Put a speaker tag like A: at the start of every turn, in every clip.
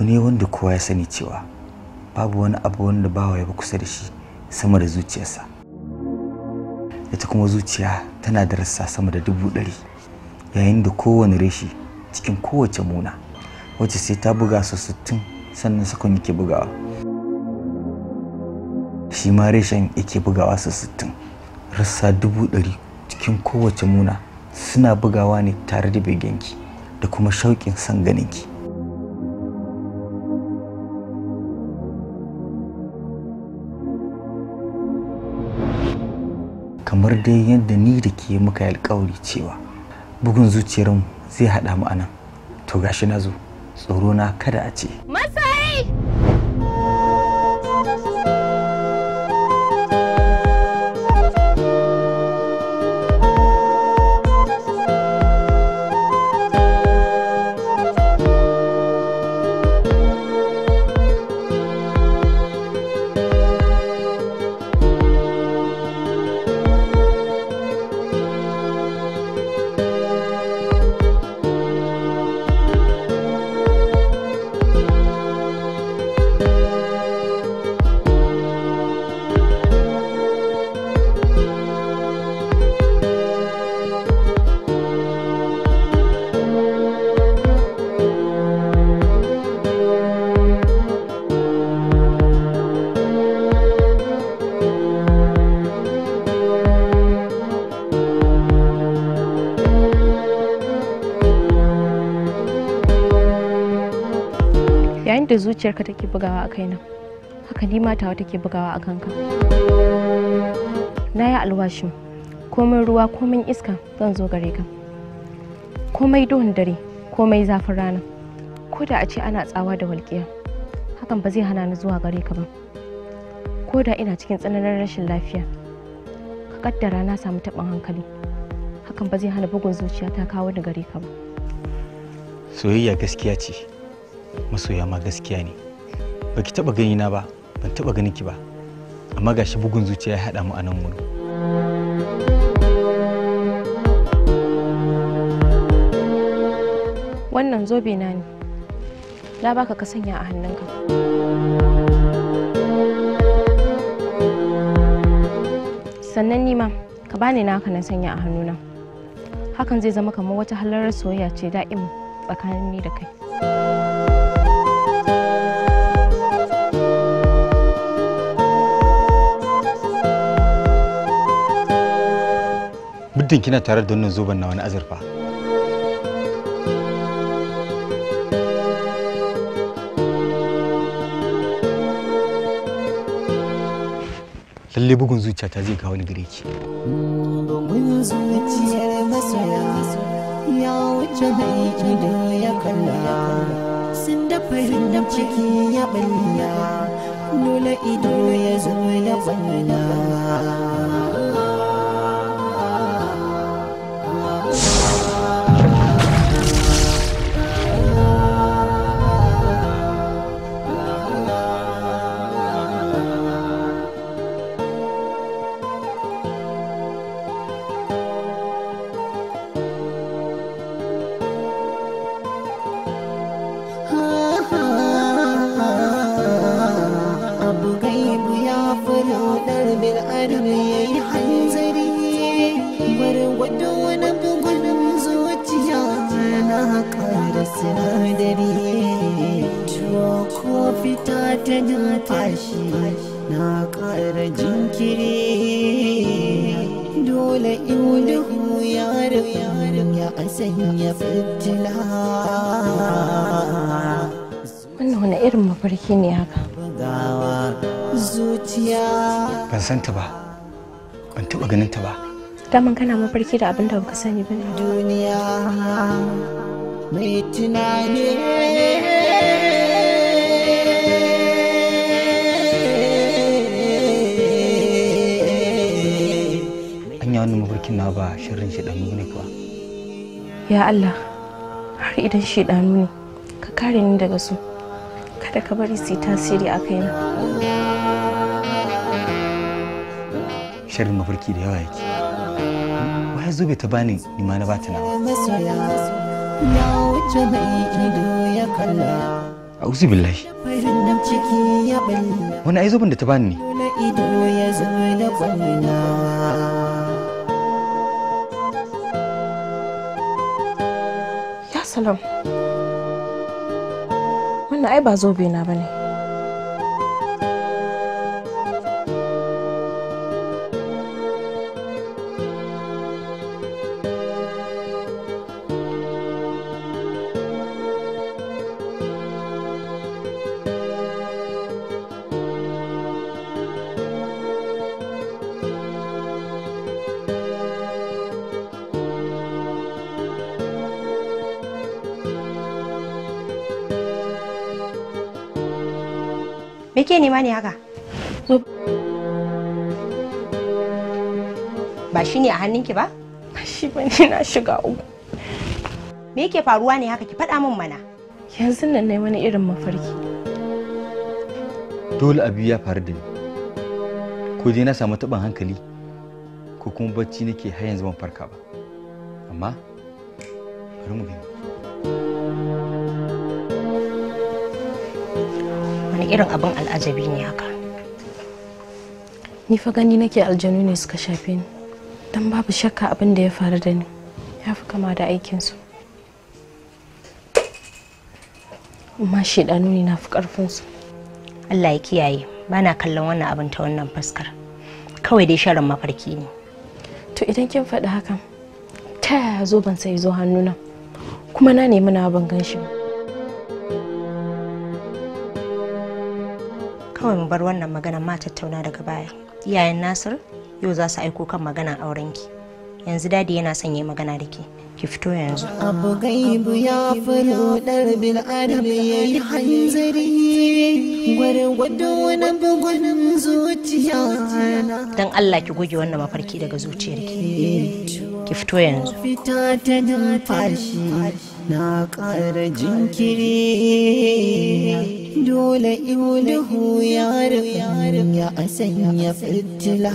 A: abu ne wanda kowa ya sani cewa babu wani abu wanda bawa ya kusa da shi sama da zuciyarsa ita kuma zuciya tana da rassa sama da dubu ɗari yayin da kowane reshi cikin kowace muna wacce sai ta buga su sittin sannan sakon yake bugawa shi ma reshen yake bugawa su sittin rassa dubu ɗari cikin kowace muna suna bugawa ne tare da begenki da kuma shauƙin son ganinki kamar dai yadda ni da ke muka yi alkawari cewa bugun zuciyarmu zai haɗa mu anan to gashi na zo tsoro na kada a ce
B: yadda zuciyarka take bugawa a kaina haka ni ma tawa take bugawa a kanka na yi alwashin komai ruwa komai iska zan zo gare ka komai duhun dare komai zafin rana ko da a ce ana tsawa da walƙiya hakan ba zai hana ni zuwa gare ka ba ko da ina cikin tsananin rashin lafiya ka kaddara na samu taɓin hankali hakan ba zai hana bugun zuciya ta kawo ni gare
C: ka ba
A: soyayya gaskiya ce masoya ma gaskiya ne baki taba gani na ba ban taba ganin ki ba amma gashi bugun zuciya ya haɗa mu a nan
B: wannan zobe na ne na baka ka sanya a hannunka sannan nima ka bani na na sanya a hannuna hakan zai zama kamar wata halarar soyayya ce da'im tsakanin ni da kai
A: muddin kina tare da wannan zoben na wani azurfa lalle bugun ta zai kawo ni gare ki
C: domin zuciyar masoya ya wuce mai ido ya kalla sun da farin da ciki ya balla dole ido ya zo ya bayyana. wadda wani bugun zuciya na da sinadari tuwa ko fita ta na tashi na ƙara jinkiri dole iluhu yaro ya asan ya fitila wannan wani irin mafarki
B: ne haka zuciya
A: ban santa ba ban taɓa ganin ta ba
B: daman kana mafarki da abin da baka sani ba duniya
C: mai tunani
A: an yi wani mafarkin na ba shirin shaɗanu ne kuwa
D: ya Allah
B: har idan shaɗanu ne ka kare ni daga su kada ka bari su yi tasiri a kaina
A: shirin mafarki da yawa yake zo bai ta bani ni ma na ba ta nawa a billahi wani ai zubin da ta bani
C: ne
B: ya salam wannan ai ba zobe na bane me ke nema ne haka ba shi ne a hannunki ba shi ba ne na shiga uku me yake faruwa ne haka ki faɗa min mana yanzu nan ne wani irin mafarki
A: dole abu ya faru da ni ko dai na samu taɓin hankali ko kuma bacci nake har yanzu ban farka ba amma bari mu gani
B: wani irin abin al'ajabi ne haka ni fa gani nake aljanu ne suka shafe ni don babu shakka abin da ya faru da ni ya fi kama da aikinsu amma shaidanu ne na fi ƙarfinsu allah ya kiyaye ba na kallon wannan abin ta wannan fuskar kawai dai sharan mafarki ne to idan kin faɗi hakan ta yaya zo ban sai zo hannuna kuma na nemi na ban ganshi. ba kawai mu bar wannan magana ma tattauna daga baya iyayen nasir yau za su aiko kan magana aurenki yanzu dadi yana son yi magana da ke ki fito yanzu
C: abu gaibu ya furo dar bil yayi hanzari gwargwado wani bugun zuciya dan
B: Allah ki goge wannan mafarki daga zuciyarki eh, ki fito yanzu
C: fita na ƙara jinkiri dole iluhu yarin ya sanya fitila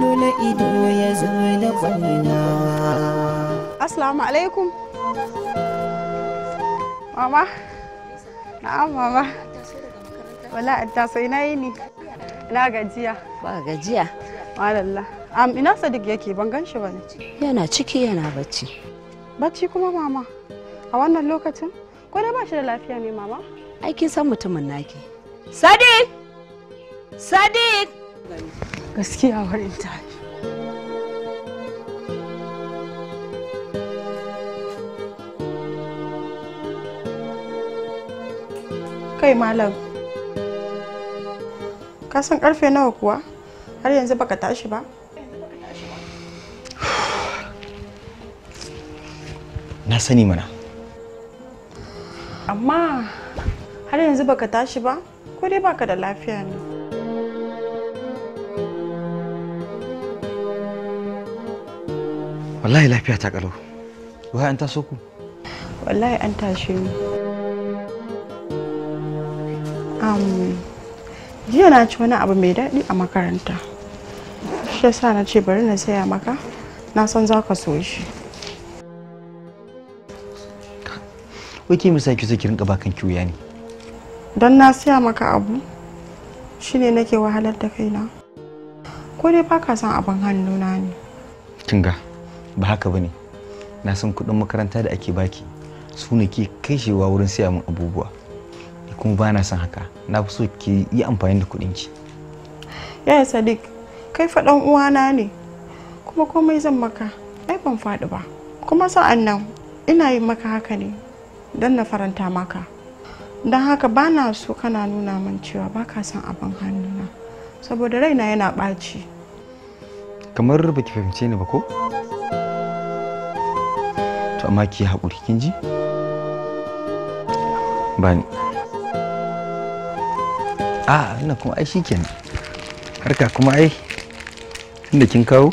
C: dole ido ya zo da ƙuna
D: assalamu alaikum mama na'am mama wala ta sai na yi ni na gajiya ba gajiya malalla Am ina Sadiq yake ban gan shi bane. Yana ciki yana bacci. Bacci kuma mama. A wannan lokacin ko da ba shi da lafiya ne mama? Ai kin san mutumin naki. Sadiq! Sadiq! Gaskiya warin tashi. kai malam ka san karfe nawa kuwa har yanzu baka tashi ba na sani mana amma har yanzu baka tashi ba ko dai baka da lafiya ne
A: wallahi lafiya ta kalau wai an taso ku
D: wallahi an tashi mu um, jiya na ci wani abu mai daɗi a makaranta shi yasa na ce bari na saya maka na san za ka so shi
A: wake ke misa ki so ki rinka bakan ne
D: don na siya maka abu shine nake wahalar da kaina ko dai baka san abin hannuna ne
A: kinga ba haka bane na san kuɗin makaranta da ake baki su ne ke kai shewa wurin siya min abubuwa kuma ba na son haka na fi so ki yi amfani da kuɗin ki
D: yaya sadiq kai fa ɗan uwana ne kuma komai zan maka ai ban faɗi ba kuma sa'an nan ina yi maka haka ne don na faranta maka don haka ba na so kana nuna min cewa ba ka san abin hannuna saboda raina yana ɓaci
A: kamar ki fahimce ni ba ko to amma ki haƙuri kin ji ba ni a ina kuma ai kenan harka kuma ai inda kin kawo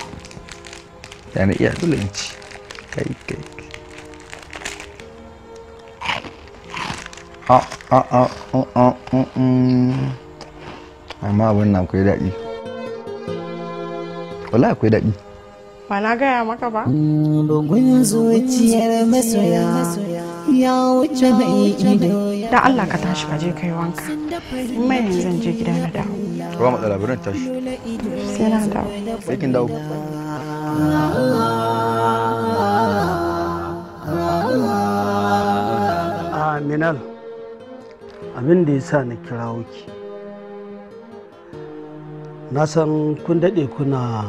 A: ya na iya dole in ci kai kai ah a ah, a ah, oh, oh, oh, mm. amma abin daɗi wala akwai daɗi
D: ba na gaya maka ba
A: mm,
C: dogon da Allah ka tashi ka je kai wanka
D: in mai yanzu
C: je gida na dawo
A: matsala tashi
C: sai na
A: dawo abin da ya sa na kirawo ki na san kun daɗe kuna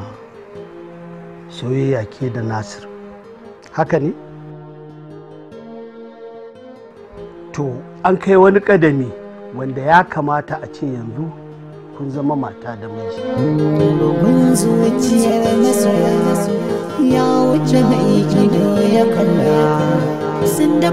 A: soyayya ke da nasir haka ne to an kai wani ƙadami wanda ya kamata a ce yanzu kun zama mata da miji
C: ya wuce da ya kalla